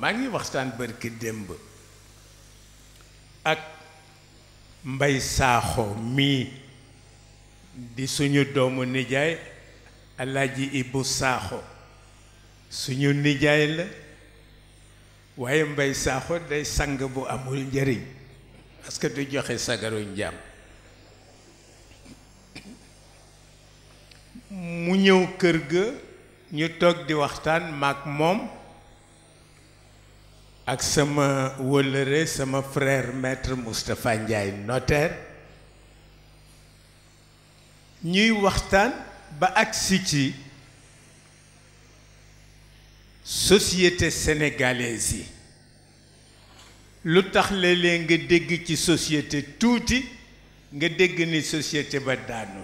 maa ngi waxtaan bërki démb ak mbay saaxo mii di suñu doomu nijaay alaaji ibu saaxo suñu nijaay la waaye mbay saaxo day sang bu amul njëriñ parce du joxe sagaru njaam mu ñëw kër ga ñu toog di waxtaan maak moom ak sama frère maître Moustapha Ndiaye notaire nous waxtaan ba agsi société sénégalaise yi lu tax société tuuti nga dégg société ba daanu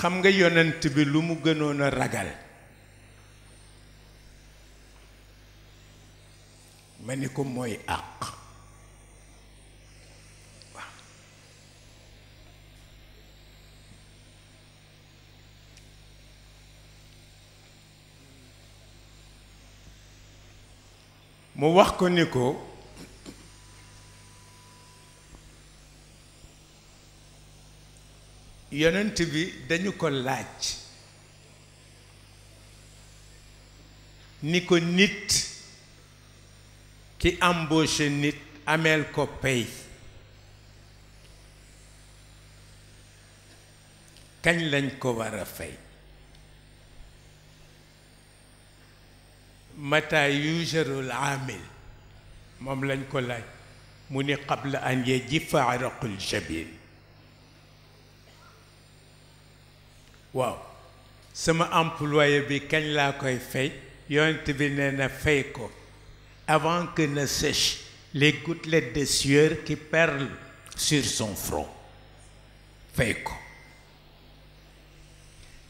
xam nga yonent bi lu mu gënoon a ragal ma ni ko mooy àq mu wax ko ni ko يننت بي دانيو كو لاج نيكو نيت كي امبوش نيت امل كو باي كان لن كو ورا فاي متى يوجر العامل مام لن كو لاج موني قبل ان يجف عرق الجبين waaw sama employé bi kañ laa koy fay yonent bi nee na fay ko avant que ne sèche les gouttelettes de sueur qui perlent sur son front fay ko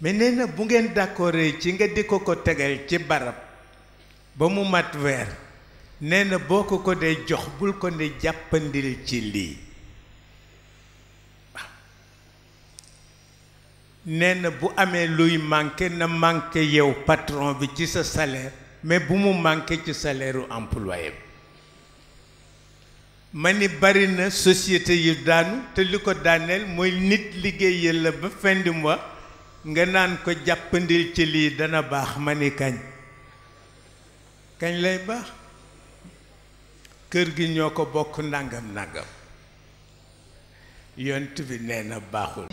mais nee na bu ngeen d'accord ci nga di ko ko tegal ci barab ba mu mat weer nee na boo ko ko dee jox bul ko ne jàppandil ci lii neena bu amee luy manqué na manqué yow patron bi ci sa salaire mais bu mu manqué ci saleeru u employé bi ma ni bari na société yu daanu te li ko daaneel mooy nit liggéey la ba fin du nga naan ko jàppandil ci lii dana baax ma ni kañ kañ lay baax kër gi ñoo ko bokk nangam nangam yont bi nee baaxul